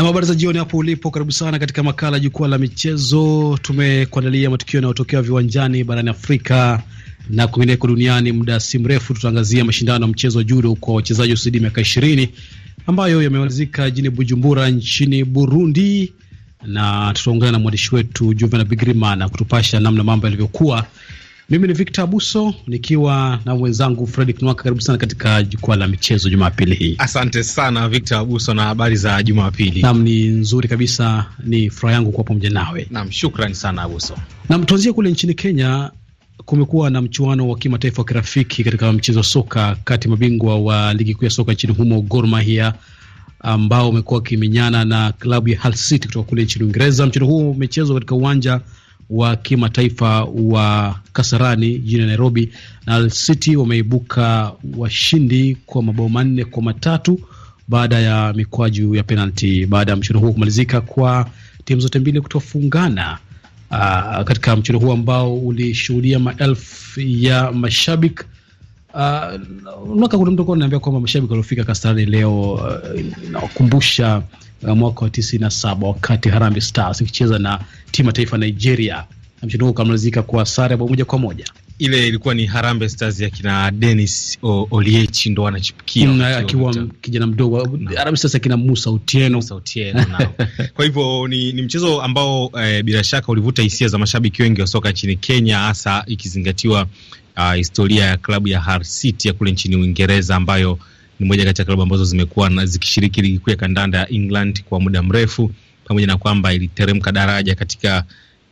Na habari za jioni hapo ulipo, karibu sana katika makala jukwaa la michezo. Tumekuandalia matukio yanayotokea viwanjani barani Afrika na kwingineko duniani. Muda si mrefu tutaangazia mashindano ya mchezo wa judo kwa wachezaji wasiozidi miaka ishirini ambayo yamemalizika jijini Bujumbura nchini Burundi, na tutaungana na mwandishi wetu Juvena Bigrimana kutupasha namna mambo yalivyokuwa mimi ni Victor Abuso nikiwa na mwenzangu Fredrick Nwaka. Karibu sana katika jukwaa la michezo jumapili hii. Asante sana Victor Abuso, na habari za Jumapili? Nam, ni nzuri kabisa, ni furaha yangu kuwa pamoja nawe. Nam, shukrani sana Abuso. Nam, tuanzie kule nchini Kenya. Kumekuwa na mchuano wa kimataifa wa kirafiki katika mchezo wa soka kati ya mabingwa wa ligi kuu ya soka nchini humo Gor Mahia ambao umekuwa wakimenyana na klabu ya Hull City kutoka kule nchini Uingereza. Mchezo huo umechezwa katika uwanja wa kimataifa wa Kasarani jijini Nairobi, na Al City wameibuka washindi kwa mabao manne kwa matatu baada ya mikwaju ya penalti, baada ya mchezo huo kumalizika kwa timu zote mbili kutofungana. uh, katika mchezo huo ambao ulishuhudia maelfu ya mashabiki uh, kuna mtu alikuwa kwamba mashabiki waliofika Kasarani leo uh, inawakumbusha Eh, mwaka wa tisini na saba wakati Harambee Stars ikicheza na timu ya taifa Nigeria na mchezo huo ukamalizika kwa sare bao moja kwa moja. Ile ilikuwa ni Harambee Stars ya kina Dennis Oliechi ndo anachipikia mm, akiwa kijana mdogo. Harambee Stars ya kina Musa Otieno, Musa Otieno kwa hivyo ni, ni mchezo ambao eh, bila shaka ulivuta hisia za mashabiki wengi wa soka nchini Kenya, hasa ikizingatiwa uh, historia ya klabu ya Hull City ya kule nchini Uingereza ambayo ni moja kati ya klabu ambazo zimekuwa zikishiriki ligi kuu ya kandanda ya England kwa muda mrefu, pamoja na kwamba iliteremka daraja katika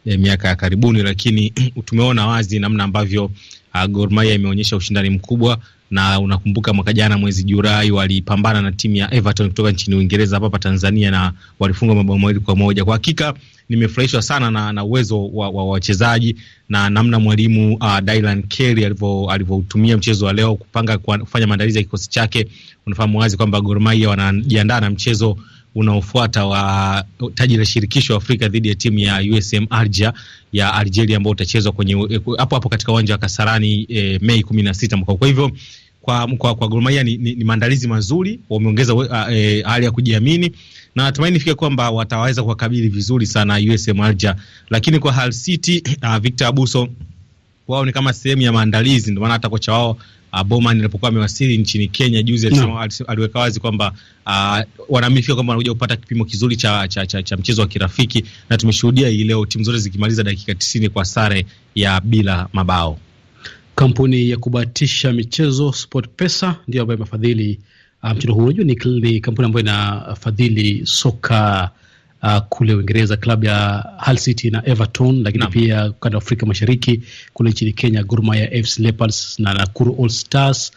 eh, miaka ya karibuni, lakini tumeona wazi namna ambavyo uh, Gor Mahia imeonyesha ushindani mkubwa na unakumbuka mwaka jana mwezi Julai walipambana na timu ya Everton kutoka nchini Uingereza hapa hapa Tanzania na walifungwa mabao mawili kwa moja. Kwa hakika nimefurahishwa sana na, na uwezo wa, wa wachezaji na namna mwalimu uh, Dylan Kelly alivyoutumia mchezo wa leo kupanga kufanya maandalizi ya kikosi chake. Unafahamu wazi kwamba Gor Mahia wanajiandaa na mchezo unaofuata wa taji la shirikisho Afrika dhidi ya timu ya USM Alger ya Algeria ambao utachezwa kwenye hapo hapo katika uwanja wa Kasarani e, Mei 16 mwaka. Kwa hivyo kwa, kwa, kwa Gor Mahia ni, ni, ni maandalizi mazuri, wameongeza eh, hali e, ya kujiamini na natumaini fika kwamba wataweza kuwakabili vizuri sana USM Alger, lakini kwa Hull City uh, Victor Abuso wao ni kama sehemu ya maandalizi, ndio maana hata kocha wao uh, alipokuwa amewasili nchini Kenya juzi no. aliweka wazi kwamba uh, ah, wanamifia kwamba wanakuja kupata kipimo kizuri cha, cha, cha, cha mchezo wa kirafiki, na tumeshuhudia hii leo timu zote zikimaliza dakika tisini kwa sare ya bila mabao. Kampuni ya kubatisha michezo Pesa ndio ambayo imefadhili ah, mchezo um, huu. Unajua ni kampuni ambayo inafadhili soka uh, kule Uingereza, klabu ya Hull City na Everton, lakini no. pia ukanda wa Afrika Mashariki kule nchini Kenya, Gor Mahia, FC Leopards na Nakuru All Stars.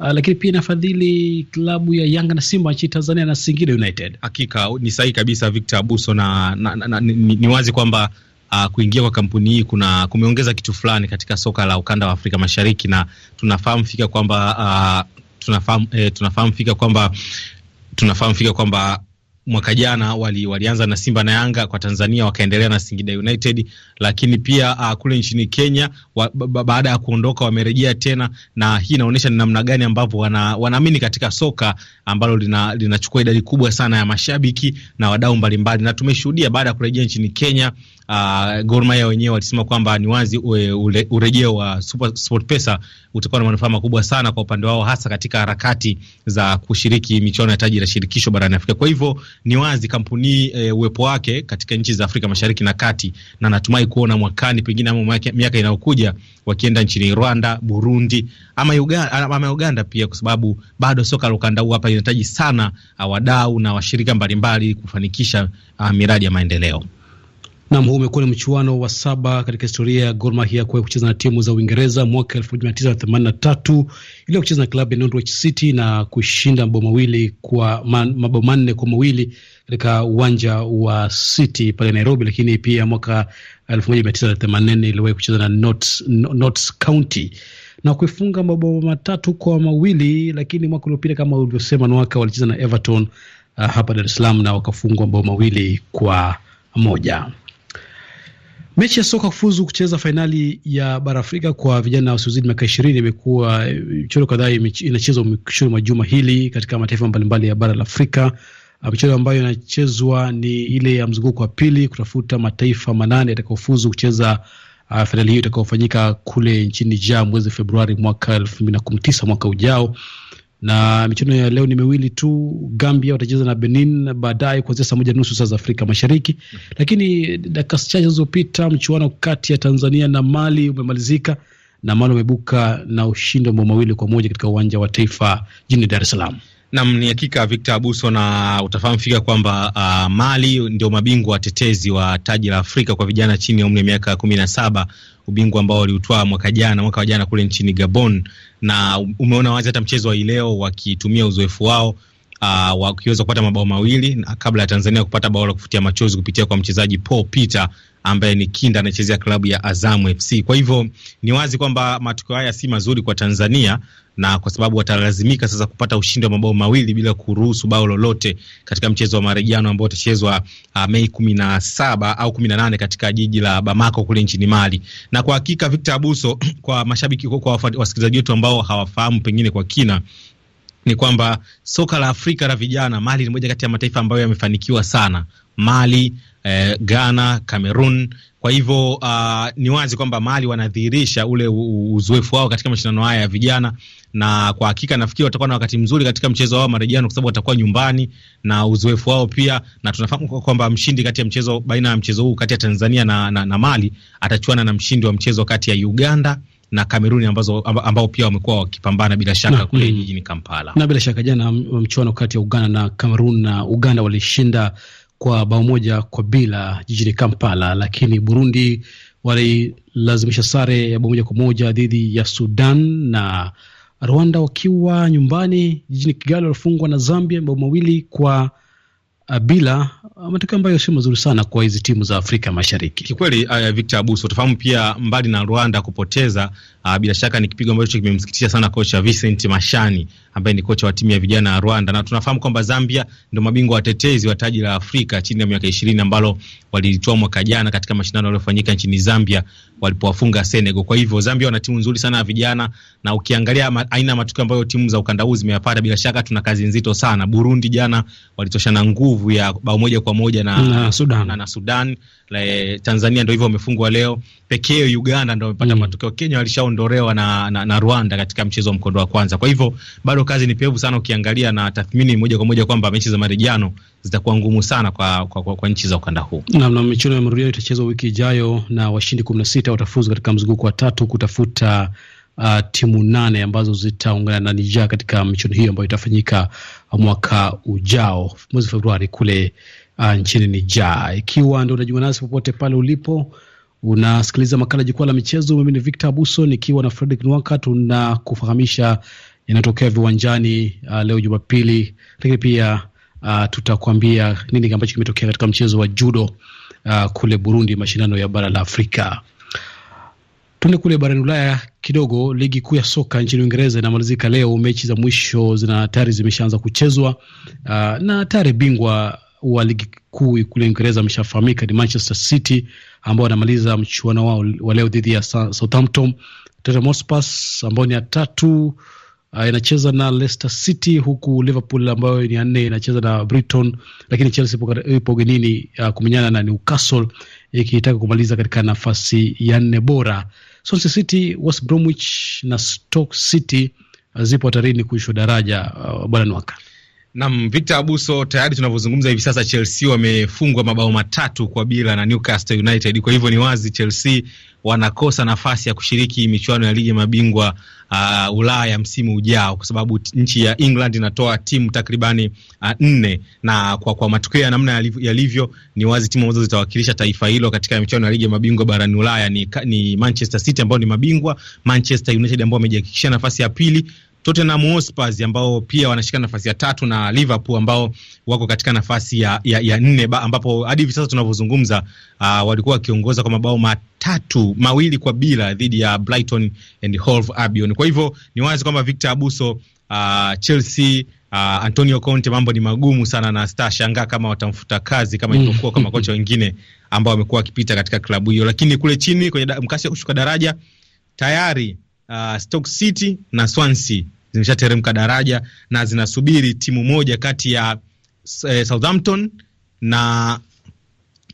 Uh, lakini pia inafadhili klabu ya Yanga na Simba nchini Tanzania na Singida United. Hakika ni sahihi kabisa Victor Abuso na, na, na, na ni, ni wazi kwamba uh, kuingia kwa kampuni hii kuna kumeongeza kitu fulani katika soka la ukanda wa Afrika Mashariki na tunafahamu fika kwamba uh, tunafahamu eh, tunafahamu fika kwamba tunafahamu fika kwamba mwaka jana wali, walianza na Simba na Yanga kwa Tanzania, wakaendelea na Singida United, lakini pia uh, kule nchini Kenya wa, ba, baada ya kuondoka wamerejea tena, na hii inaonyesha ni namna gani ambavyo wana, wanaamini katika soka ambalo linachukua lina idadi kubwa sana ya mashabiki na wadau mbalimbali, na tumeshuhudia baada ya kurejea nchini Kenya uh, Gor Mahia wenyewe walisema kwamba ni wazi urejeo wa Pesa utakuwa na manufaa makubwa sana kwa upande wao, hasa katika harakati za kushiriki michuano ya taji la shirikisho barani Afrika. Kwa hivyo ni wazi kampuni e, uwepo wake katika nchi za Afrika Mashariki na Kati, na natumai kuona mwakani pengine ama miaka inayokuja wakienda nchini Rwanda, Burundi ama Uganda, ama Uganda pia, kwa sababu bado soka la ukanda huu hapa linahitaji sana ah, wadau na washirika mbalimbali kufanikisha uh, miradi ya maendeleo. Nam, huu umekuwa ni mchuano wa saba katika historia ya Gor Mahia kuwahi kucheza na timu za Uingereza. Mwaka tatu ili kucheza na klabu ya Norwich City na kushinda mabao mawili kwa mabao manne kwa mawili katika uwanja wa City pale Nairobi. Lakini pia mwaka themanini iliwahi kucheza na Notts, County na kuifunga mabao matatu kwa mawili, lakini mwaka uliopita kama ulivyosema, nwaka walicheza na Everton uh, hapa Dar es Salaam na wakafungwa mabao mawili kwa moja. Mechi ya soka kufuzu kucheza fainali ya bara Afrika kwa vijana wasiozidi miaka ishirini imekuwa eh, michoro kadhaa inachezwa mwishoni mwa juma hili katika mataifa mbalimbali ya bara la Afrika. Ah, michoro ambayo inachezwa ni ile ya mzunguko wa pili kutafuta mataifa manane yatakaofuzu kucheza uh, ah, fainali hiyo itakaofanyika kule nchini ja mwezi Februari mwaka elfu mbili na kumi na tisa mwaka ujao na michuano ya leo ni miwili tu. Gambia watacheza na Benin baadaye kuanzia saa moja nusu saa za Afrika Mashariki. Lakini dakika chache zilizopita mchuano kati ya Tanzania na Mali umemalizika na Mali umebuka na ushindi wa mabao mawili kwa moja katika uwanja wa Taifa jijini Dar es Salaam. Nam ni hakika Victor Abuso, na utafahamu fika kwamba uh, Mali ndio mabingwa watetezi wa taji la Afrika kwa vijana chini ya umri wa miaka kumi na saba ubingwa ambao waliutwaa mwaka jana mwaka wa jana kule nchini Gabon, na umeona wazi hata mchezo wa ileo wakitumia uzoefu wao Uh, wakiweza kupata mabao mawili kabla ya Tanzania kupata bao la kufutia machozi kupitia kwa mchezaji Paul Peter ambaye ni kinda anachezea klabu ya Azamu FC. Kwa hivyo ni wazi kwamba matokeo haya si mazuri kwa Tanzania na kwa sababu watalazimika sasa kupata ushindi wa mabao mawili bila kuruhusu bao lolote katika mchezo wa marejano ambao utachezwa uh, Mei kumi na saba au kumi na nane katika jiji la Bamako kule nchini Mali. Na kwa hakika Victor Abuso, kwa mashabiki, kwa wasikilizaji wetu ambao hawafahamu pengine kwa kina ni kwamba soka la Afrika la vijana, Mali ni moja kati ya mataifa ambayo yamefanikiwa sana. Mali eh, Ghana, Cameroon. Kwa hivyo uh, ni wazi kwamba Mali wanadhihirisha ule uzoefu wao katika mashindano haya ya vijana, na kwa hakika nafikiri watakuwa na wakati mzuri katika mchezo wao marejano, kwa sababu watakuwa nyumbani na uzoefu wao pia, na tunafahamu kwamba mshindi kati ya mchezo baina ya mchezo huu kati ya Tanzania na, na, na Mali atachuana na mshindi wa mchezo kati ya Uganda na Kameruni ambazo ambao pia wamekuwa wakipambana bila shaka na, kule mm. jijini Kampala. Na bila shaka jana mchuano kati ya Uganda na Kamerun na Uganda walishinda kwa bao moja kwa bila jijini Kampala, lakini Burundi walilazimisha sare ya bao moja kwa moja dhidi ya Sudan na Rwanda wakiwa nyumbani jijini Kigali walifungwa na Zambia mabao mawili kwa uh, bila, matokeo ambayo sio mazuri sana kwa hizi timu za Afrika Mashariki kikweli. Uh, Victor Abuso, utafahamu pia mbali na Rwanda kupoteza Uh, bila shaka ni kipigo ambacho kimemsikitisha sana kocha Vincent Mashani ambaye ni kocha wa timu ya vijana ya Rwanda, na tunafahamu kwamba Zambia ndio mabingwa watetezi wa taji la Afrika chini ya miaka ishirini ambalo walilitoa mwaka jana katika mashindano yaliyofanyika nchini Zambia walipowafunga Senegal. Kwa hivyo Zambia wana timu nzuri sana ya vijana, na ukiangalia ma, aina ya matukio ambayo timu za ukanda huu zimeyapata, bila shaka tuna kazi nzito sana. Burundi jana walitoshana nguvu ya bao moja kwa moja na, na Sudan, na, na Sudan le, Tanzania ndio hivyo wamefungwa leo pekee. Uganda ndio wamepata mm. matokeo. Kenya walishaondolewa na, na, na Rwanda katika mchezo wa mkondo wa kwanza. Kwa hivyo bado kazi ni pevu sana, ukiangalia na tathmini moja kwa moja kwamba mechi za marejano zitakuwa ngumu sana kwa, kwa, kwa, kwa nchi za ukanda huu. Naam, na michuano ya marudio itachezwa wiki ijayo na washindi 16 watafuzu katika mzunguko wa tatu kutafuta Uh, timu nane ambazo zitaungana na nija katika michuano hiyo ambayo itafanyika mwaka ujao mwezi Februari kule uh, nchini Nija. Ikiwa ndo unajiunga nasi popote pale ulipo, unasikiliza makala Jukwaa la Michezo. Mimi ni Victor Abuso nikiwa na Fredrick Nwaka, tunakufahamisha yanayotokea viwanjani uh, leo Jumapili, lakini pia uh, ah, tutakuambia nini ambacho kimetokea katika mchezo wa judo uh, kule Burundi, mashindano ya bara la Afrika. Tuende kule barani Ulaya kidogo. Ligi kuu ya soka nchini Uingereza inamalizika leo, mechi za mwisho zina tayari zimeshaanza kuchezwa uh, na tayari bingwa wa ligi kuu kule Uingereza ameshafahamika ni Manchester City ambao wanamaliza mchuano wao wa leo dhidi ya Southampton. Tottenham Hotspur ambao ni ya tatu Uh, inacheza na Leicester City huku Liverpool ambayo ni ya nne inacheza na Brighton, lakini Chelsea ipo ugenini uh, kumenyana na Newcastle ikitaka kumaliza katika nafasi ya nne bora. Swansea City, West Bromwich na Stoke City uh, zipo hatarini kuishwa daraja uh, bwana Nwaka. Nam Victor Abuso, tayari tunavyozungumza hivi sasa Chelsea wamefungwa mabao matatu kwa bila na Newcastle United. Kwa hivyo ni wazi Chelsea wanakosa nafasi ya kushiriki michuano ya ligi ya mabingwa uh, Ulaya msimu ujao, kwa sababu nchi ya England inatoa timu takribani uh, nne, na kwa, kwa matokeo ya namna yalivyo ni wazi timu ambazo zitawakilisha taifa hilo katika michuano ya ligi ya mabingwa barani Ulaya ni, ni Manchester City ambao ni mabingwa, Manchester United ambao wamejihakikishia nafasi ya pili Tottenham Hotspur ambao pia wanashika nafasi ya tatu na Liverpool ambao wako katika nafasi ya, ya, ya nne ambapo hadi hivi sasa tunavyozungumza uh, walikuwa wakiongoza kwa mabao matatu mawili kwa bila dhidi ya Brighton and Hove Albion. Kwa hivyo ni wazi kwamba Victor Abuso uh, Chelsea Uh, Antonio Conte mambo ni magumu sana na sta sitashangaa kama watamfuta kazi kama ilivyokuwa kwa makocha mm. wengine ambao wamekuwa wakipita katika klabu hiyo. Lakini kule chini kwenye mkasi wa kushuka daraja tayari uh, Stoke City na Swansea zimeshateremka daraja na zinasubiri timu moja kati ya eh, Southampton na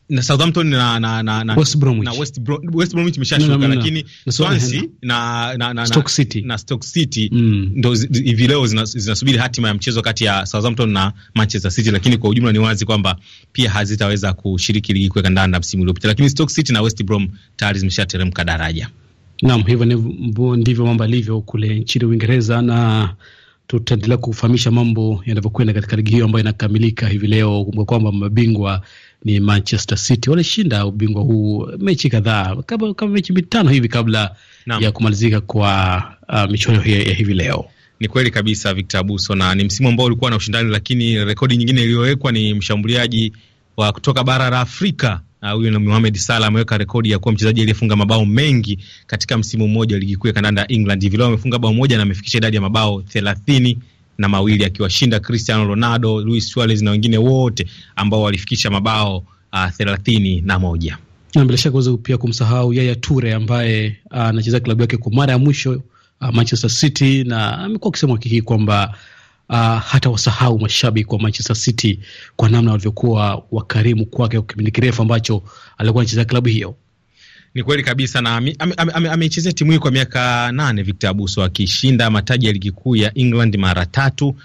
na Southampton na na na, na West Bromwich na West, Bro West Bromwich imeshashuka no, no, no, lakini no. Swansea na na na Stoke City na Stoke City mm. ndo hivi leo zinasubiri zina hatima ya mchezo kati ya Southampton na Manchester City, lakini kwa ujumla ni wazi kwamba pia hazitaweza kushiriki ligi kuweka ndani na msimu uliopita, lakini Stoke City na West Brom tayari zimeshateremka daraja. Naam, hivyo ndivyo mambo yalivyo kule nchini Uingereza na tutaendelea kufahamisha mambo yanavyokwenda katika ligi hiyo ambayo inakamilika hivi leo. Kumbuka kwamba mabingwa ni Manchester City, walishinda ubingwa huu mechi kadhaa kama, kama mechi mitano hivi kabla Naam. ya kumalizika kwa uh, michuano hiyo ya hivi leo. Ni kweli kabisa Victor Abuso, na ni msimu ambao ulikuwa na ushindani, lakini rekodi nyingine iliyowekwa ni mshambuliaji wa kutoka bara la Afrika Ah, huyu uh, Mohamed Salah ameweka rekodi ya kuwa mchezaji aliyefunga mabao mengi katika msimu mmoja wa ligi kuu ya kandanda England. Hivi leo amefunga bao moja na amefikisha idadi ya mabao thelathini na mawili akiwashinda Cristiano Ronaldo, Luis Suarez na wengine wote ambao walifikisha mabao uh, thelathini na moja na bila shaka uweze pia kumsahau Yaya Toure ambaye ah, anacheza uh, klabu yake kwa mara ya mwisho uh, Manchester City, na amekuwa akisema wiki hii kwamba uh, hata wasahau mashabiki wa Manchester City kwa namna walivyokuwa wakarimu kwake kwa kipindi kirefu ambacho alikuwa anachezea klabu hiyo. Ni kweli kabisa na ameichezea ame, ame, ame timu hii kwa miaka nane, Victor Abuso akishinda mataji ya ligi kuu ya England mara tatu,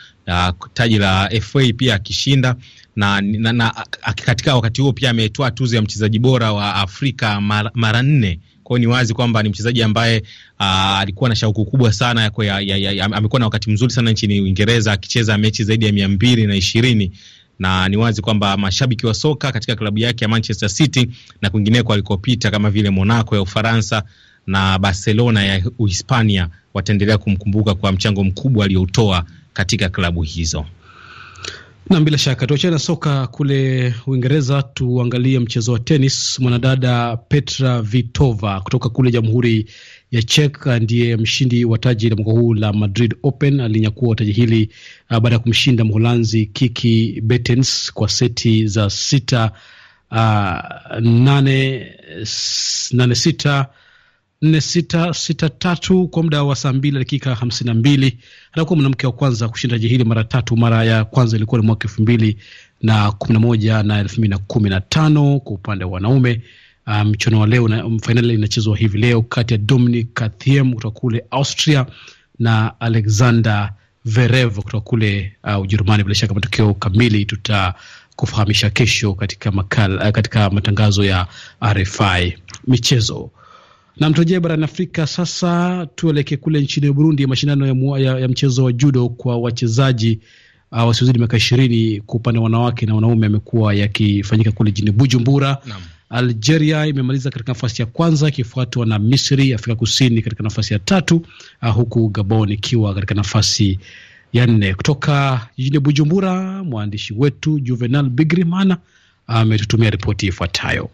taji la FA pia akishinda na, na, na katika wakati huo pia ametoa tuzo ya mchezaji bora wa Afrika mara nne kwao ni wazi kwamba ni mchezaji ambaye ah, alikuwa na shauku kubwa sana ya, ya, ya, amekuwa na wakati mzuri sana nchini Uingereza akicheza mechi zaidi ya mia mbili na ishirini na ni wazi kwamba mashabiki wa soka katika klabu yake ya Manchester City na kwingineko alikopita kama vile Monaco ya Ufaransa na Barcelona ya Uhispania wataendelea kumkumbuka kwa mchango mkubwa aliyoutoa katika klabu hizo. Nam, bila shaka tuachana soka kule Uingereza, tuangalie mchezo wa tenis. Mwanadada Petra Vitova kutoka kule Jamhuri ya Czech ndiye mshindi wa taji la mwaka huu la Madrid Open. Alinyakua taji hili uh, baada ya kumshinda Mholanzi Kiki Bertens kwa seti za sita uh, nane, nane sita nne kwa muda wa saa mbili dakika 52. na mwanamke wa kwanza kushinda taji hili mara tatu. Mara ya kwanza ilikuwa ni mwaka 2011 na 2015 kwa upande wa wanaume. Ah, mchuano um, wa leo na, um, fainali inachezwa hivi leo kati ya Dominic Thiem kutoka kule Austria na Alexander Verev kutoka kule uh, Ujerumani. Bila shaka matokeo kamili tuta kufahamisha kesho katika makala, katika matangazo ya RFI michezo. Namtojea barani Afrika. Sasa tuelekee kule nchini Burundi, mashindano ya, ya, ya mchezo wa judo kwa wachezaji uh, wasiozidi miaka ishirini kwa upande wa wanawake na wanaume amekuwa yakifanyika kule jijini Bujumbura. Naam. Algeria imemaliza katika nafasi ya kwanza ikifuatwa na Misri, Afrika Kusini katika nafasi ya tatu, uh, huku Gabon ikiwa katika nafasi ya nne. Kutoka jijini Bujumbura, mwandishi wetu Juvenal Bigrimana ametutumia uh, ripoti ifuatayo.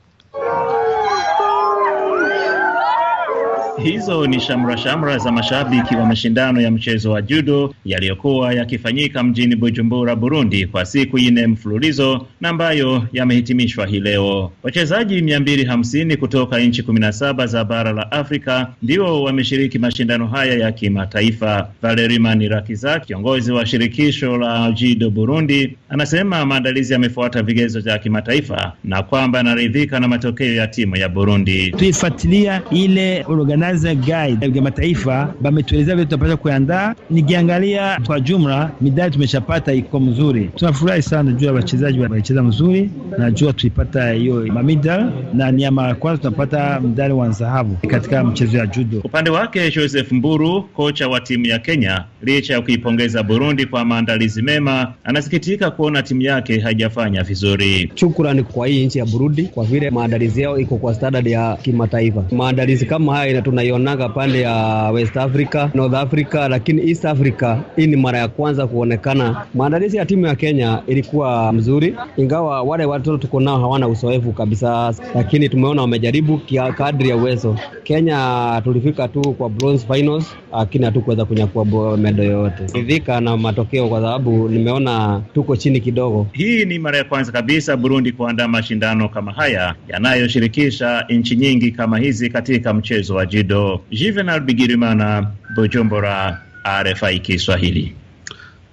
Hizo ni shamra shamra za mashabiki wa mashindano ya mchezo wa judo yaliyokuwa yakifanyika mjini Bujumbura, Burundi kwa siku nne mfululizo na ambayo yamehitimishwa hii leo. Wachezaji 250 kutoka nchi 17 za bara la Afrika ndio wameshiriki mashindano haya ya kimataifa. Valeri Manirakiza, kiongozi wa shirikisho la judo Burundi, anasema maandalizi yamefuata vigezo vya kimataifa na kwamba anaridhika na matokeo ya timu ya Burundi. Tuifuatilia ile Another Guide ya mataifa bametuelezea vile tunapaswa kuandaa. Nikiangalia kwa jumla, midali tumeshapata iko mzuri, tunafurahi sana juu ya wachezaji walicheza mzuri, najua tulipata hiyo mamidal na ni ya mara kwanza tunapata mdali wa dhahabu katika mchezo ya judo. Upande wake Joseph Mburu, kocha wa timu ya Kenya, licha ya kuipongeza Burundi kwa maandalizi mema, anasikitika kuona timu yake haijafanya vizuri. Shukrani kwa hii nchi ya Burundi kwa vile maandalizi yao iko kwa standard ya kimataifa. Maandalizi kama haya inatuna tunaionaga pande ya West Africa, North Africa, lakini East Africa hii ni mara ya kwanza kuonekana. Maandalizi ya timu ya Kenya ilikuwa mzuri, ingawa wale watoto tuko nao hawana uzoefu kabisa, lakini tumeona wamejaribu kadri ya uwezo. Kenya tulifika tu kwa bronze finals, lakini hatukuweza kunyakua medo yoyote. Ridhika na matokeo kwa sababu nimeona tuko chini kidogo. Hii ni mara ya kwanza kabisa Burundi kuandaa mashindano kama haya yanayoshirikisha nchi nyingi kama hizi katika mchezo wa judo. Bujumbura, Juvenal Bigirimana, Bujumbura, RFI Kiswahili.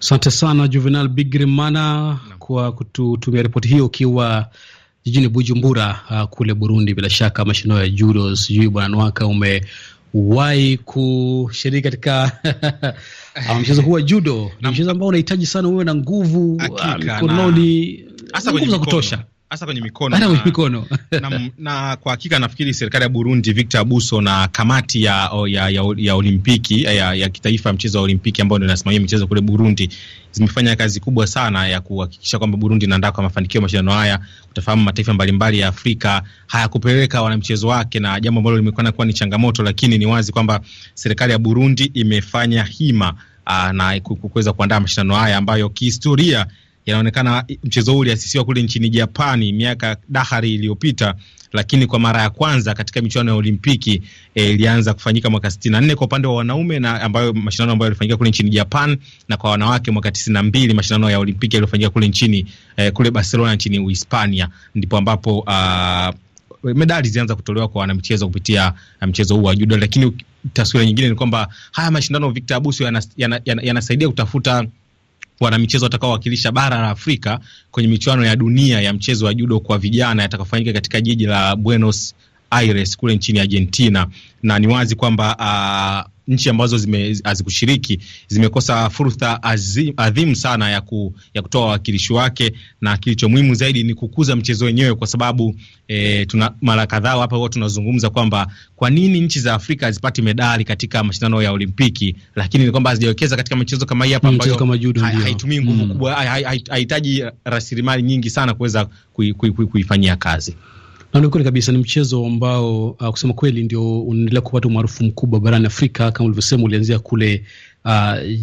Asante sana Juvenal Bigirimana kwa kututumia ripoti hiyo ukiwa jijini Bujumbura uh, kule Burundi. Bila shaka mashindano ya judo, sijui bwana Nwaka umewahi kushiriki katika ah, mchezo huu wa judo. Ni mchezo ambao unahitaji sana uwe na nguvu ah, mikononi, nguvu za kutosha hasa kwenye mikono na, mikono. na, na kwa hakika nafikiri serikali ya Burundi, Victor Abuso na kamati ya, ya, ya, ya Olimpiki eh, ya, ya kitaifa mchezo wa Olimpiki ambayo ndio inasimamia michezo kule Burundi zimefanya kazi kubwa sana ya kuhakikisha kwamba Burundi inaandaa kwa mafanikio mashindano haya. Utafahamu mataifa mbalimbali ya Afrika hayakupeleka wanamchezo wake, na jambo ambalo limekuwa kuwa ni changamoto, lakini ni wazi kwamba serikali ya Burundi imefanya hima aa, ah, na kuweza kuandaa mashindano haya ambayo kihistoria yanaonekana mchezo huu uliasisiwa kule nchini Japani miaka dahari iliyopita, lakini kwa mara ya kwanza katika michuano ya Olimpiki eh, ilianza e, kufanyika mwaka sitini na nne kwa upande wa wanaume na ambayo mashindano ambayo yalifanyika kule nchini Japan, na kwa wanawake mwaka tisini na mbili mashindano ya Olimpiki yaliyofanyika kule nchini e, kule Barcelona nchini Uhispania, ndipo ambapo a, ah, medali zilianza kutolewa kwa wanamichezo kupitia eh, mchezo huu wa judo. Lakini taswira nyingine ni kwamba haya mashindano Victor Abuso yanasaidia yana, yana, yana kutafuta wanamichezo watakaowakilisha bara la Afrika kwenye michuano ya dunia ya mchezo wa judo kwa vijana yatakafanyika katika jiji la Buenos Aires kule nchini Argentina, na ni wazi kwamba uh, nchi ambazo hazikushiriki zime, zimekosa fursa adhimu sana ya, ku, ya kutoa wawakilishi wake, na kilicho muhimu zaidi ni kukuza mchezo wenyewe, kwa sababu e, tuna mara kadhaa hapa huwa tunazungumza kwamba kwa nini nchi za Afrika hazipati medali katika mashindano ya Olimpiki, lakini ni kwamba hazijawekeza katika michezo kama hii hapa mm, ambayo haitumii nguvu mm. kubwa, haihitaji rasilimali nyingi sana kuweza kuifanyia kazi. Na ni kweli kabisa, ni mchezo ambao uh, kusema kweli ndio unaendelea kupata umaarufu mkubwa barani Afrika. Kama ulivyosema, ulianzia kule uh,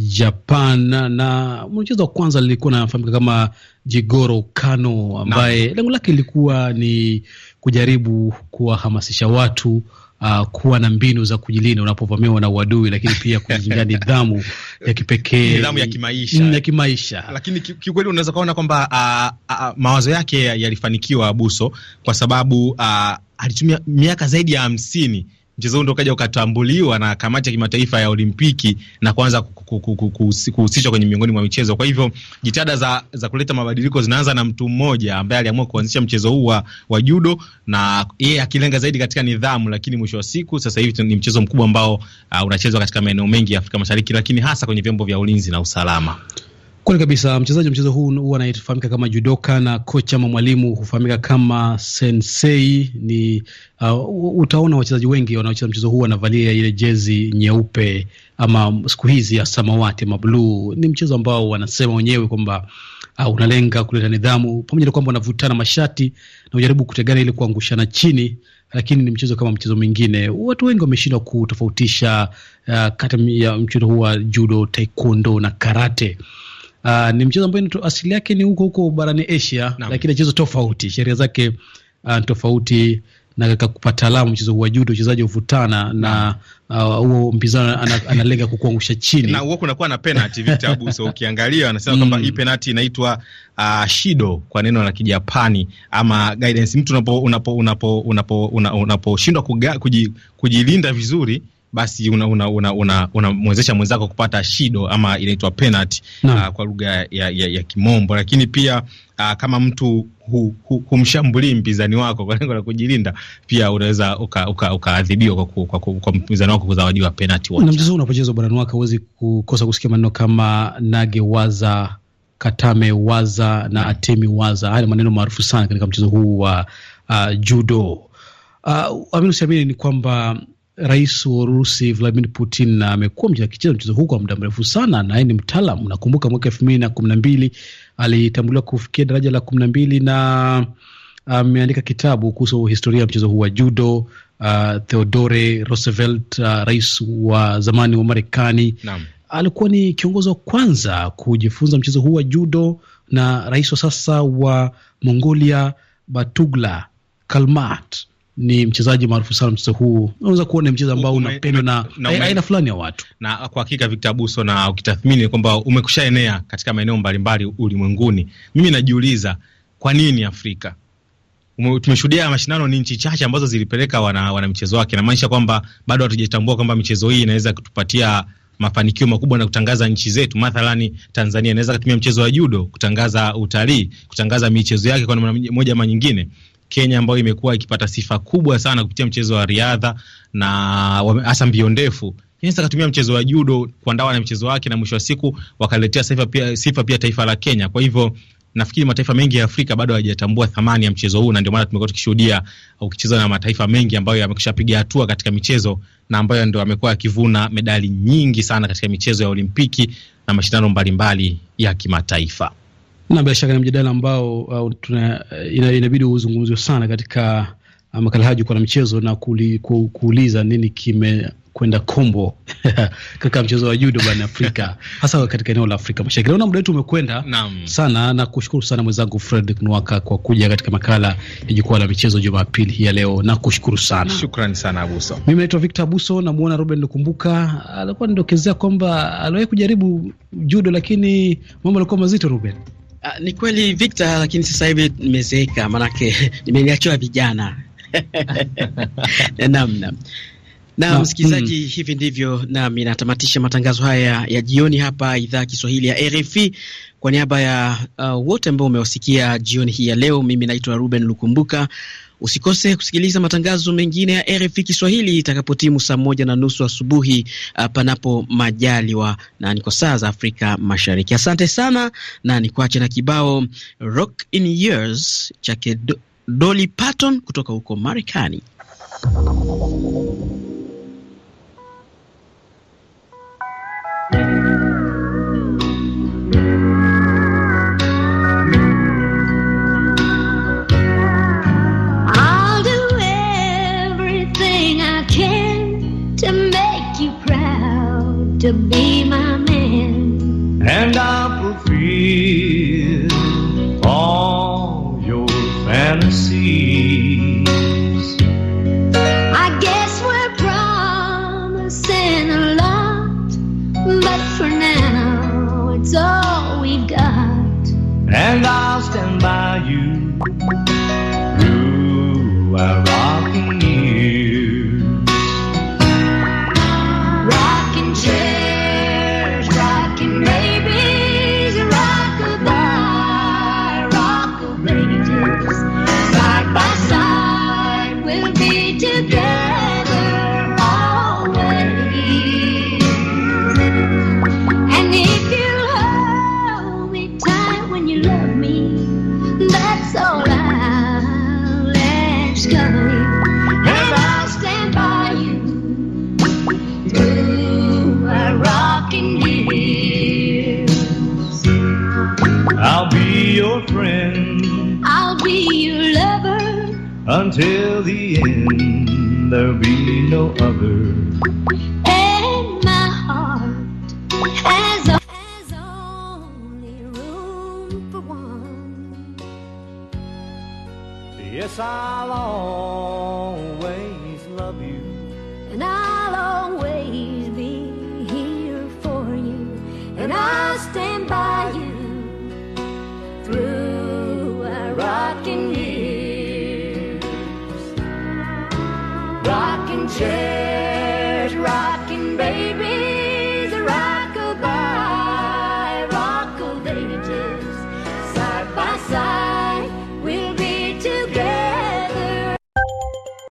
Japan na mchezo wa kwanza lilikuwa nafahamika kama Jigoro Kano ambaye lengo lake lilikuwa ni kujaribu kuwahamasisha watu uh, kuwa na mbinu za kujilinda unapovamiwa na uadui, lakini pia kujenga nidhamu ya kipekee, nidhamu ya kimaisha, mm, ya kimaisha. Lakini kiukweli unaweza kuona kwamba uh, uh, uh, mawazo yake yalifanikiwa Abuso kwa sababu uh, alitumia miaka zaidi ya hamsini mchezo huu ndo ukaja ukatambuliwa na kamati ya kimataifa ya Olimpiki na kuanza kuhusishwa kwenye miongoni mwa michezo. Kwa hivyo jitihada za, za kuleta mabadiliko zinaanza na mtu mmoja ambaye aliamua kuanzisha mchezo huu wa, wa judo na yeye akilenga zaidi katika nidhamu, lakini mwisho wa siku sasa hivi ni mchezo mkubwa ambao uh, unachezwa katika maeneo mengi ya Afrika Mashariki, lakini hasa kwenye vyombo vya ulinzi na usalama. Kweli kabisa. Mchezaji wa mchezo huu huwa anayefahamika kama judoka na kocha ama mwalimu hufahamika kama sensei. Ni uh, utaona wachezaji wengi wanaocheza mchezo huu wanavalia ile jezi nyeupe ama siku hizi ya samawati ama bluu. Ni mchezo ambao wanasema wenyewe kwamba uh, unalenga kuleta nidhamu, pamoja na kwamba wanavutana mashati na ujaribu kutegana ili kuangushana chini lakini ni mchezo kama mchezo mwingine. Watu wengi wameshindwa kutofautisha uh, kati ya mchezo huu wa judo, taekwondo na karate. Uh, ni mchezo ambao asili yake ni huko huko barani Asia na, Lakini mchezo tofauti, sheria zake uh, tofauti na kupata alamu mchezo wa judo wachezaji huvutana na ah, huo uh, mpinzani analenga kukuangusha chini na huo kunakuwa na penalty vitabu. So ukiangalia anasema kwamba hii mm. penalty inaitwa uh, shido kwa neno la Kijapani ama guidance. Mtu unapo unapo unapo unapo unaposhindwa kujilinda vizuri basi unamwezesha una, una, una, una mwenzako kupata shido ama inaitwa penalty no. uh, kwa lugha ya, ya, ya Kimombo, lakini pia uh, kama mtu hu, hu, humshambulii mpinzani wako kwa lengo la kujilinda, pia unaweza ukaadhibiwa uka, uka kwa, kwa, kwa mpinzani wako kuzawadiwa penalty. Na mchezo unapochezwa barani wako huwezi kukosa kusikia maneno kama nage waza Katame waza na Atemi waza. Haya ni maneno maarufu sana katika mchezo huu wa uh, judo. Uh, amini usiamini ni kwamba rais wa Urusi Vladimir Putin amekuwa akicheza mchezo huu kwa muda mrefu sana, na yeye ni mtaalam. Nakumbuka mwaka elfu mbili na kumi na mbili alitambuliwa kufikia daraja la kumi na mbili na um, ameandika um, kitabu kuhusu historia ya mchezo huu wa judo. Uh, Theodore Roosevelt uh, rais wa zamani wa Marekani alikuwa ni kiongozi wa kwanza kujifunza mchezo huu wa judo, na rais wa sasa wa Mongolia Batugla Kalmat ni mchezaji maarufu sana. Mchezo huu unaweza kuona mchezo ambao unapendwa na aina fulani ya watu, na kwa hakika Victor Buso, na ukitathmini kwamba umekushaenea katika maeneo mbalimbali ulimwenguni, mimi najiuliza kwa nini Afrika tumeshuhudia mashindano ni nchi chache ambazo zilipeleka wana, wana michezo wake. Namaanisha kwamba bado hatujatambua kwamba michezo hii inaweza kutupatia mafanikio makubwa na kutangaza nchi zetu. Mathalani Tanzania inaweza kutumia mchezo wa judo kutangaza utalii, kutangaza michezo yake kwa namna moja ama nyingine. Kenya ambayo imekuwa ikipata sifa kubwa sana kupitia mchezo wa riadha na hasa mbio ndefu. Kenya akatumia mchezo wa judo kuandaa na mchezo wake, na mwisho wa siku wakaletea sifa pia, sifa pia taifa la Kenya. Kwa hivyo nafikiri mataifa mengi ya Afrika bado hayajatambua thamani ya mchezo huu, na ndio maana tumekuwa tukishuhudia uh, ukichezwa na mataifa mengi ambayo yamekwishapiga hatua katika michezo na ambayo ndio amekuwa akivuna medali nyingi sana katika michezo ya Olimpiki na mashindano mbalimbali ya kimataifa. Na bila shaka ni mjadala ambao uh, tuna, uh, ina, inabidi uzungumziwe sana katika uh, makala haya jukwaa la michezo na kuli, ku, kuuliza nini kime kwenda kombo katika mchezo wa judo barani Afrika hasa katika eneo la Afrika Mashariki. Naona muda wetu umekwenda sana, na kushukuru sana mwenzangu Fred Nwaka kwa kuja katika makala ya jukwaa la michezo Jumapili hii ya leo, na kushukuru sana. Shukrani sana Abuso. Mimi naitwa Victor Abuso, namwona Ruben Lukumbuka alikuwa nidokezea kwamba aliwahi kujaribu judo, lakini mambo alikuwa mazito Ruben. Uh, ni kweli Victor, lakini sasa hivi nimezeeka, maanake nimeliachiwa vijana namna na na msikilizaji, mm, hivi ndivyo nami natamatisha matangazo haya ya jioni hapa idhaa ya Kiswahili ya RFI. Kwa niaba ya uh, wote ambao umewasikia jioni hii ya leo, mimi naitwa Ruben Lukumbuka Usikose kusikiliza matangazo mengine ya RFI Kiswahili itakapotimu saa moja na nusu asubuhi uh, panapo majaliwa, na ni kwa saa za Afrika Mashariki. Asante sana, na ni kuache na kibao Rock in Years chake Dolly Parton kutoka huko Marekani. to be my man. And I will fulfill. until the end. There'll be no other. And my heart has, has only room for one. Yes, I'll always love you. And I'll always be here for you. And I'll stay. change.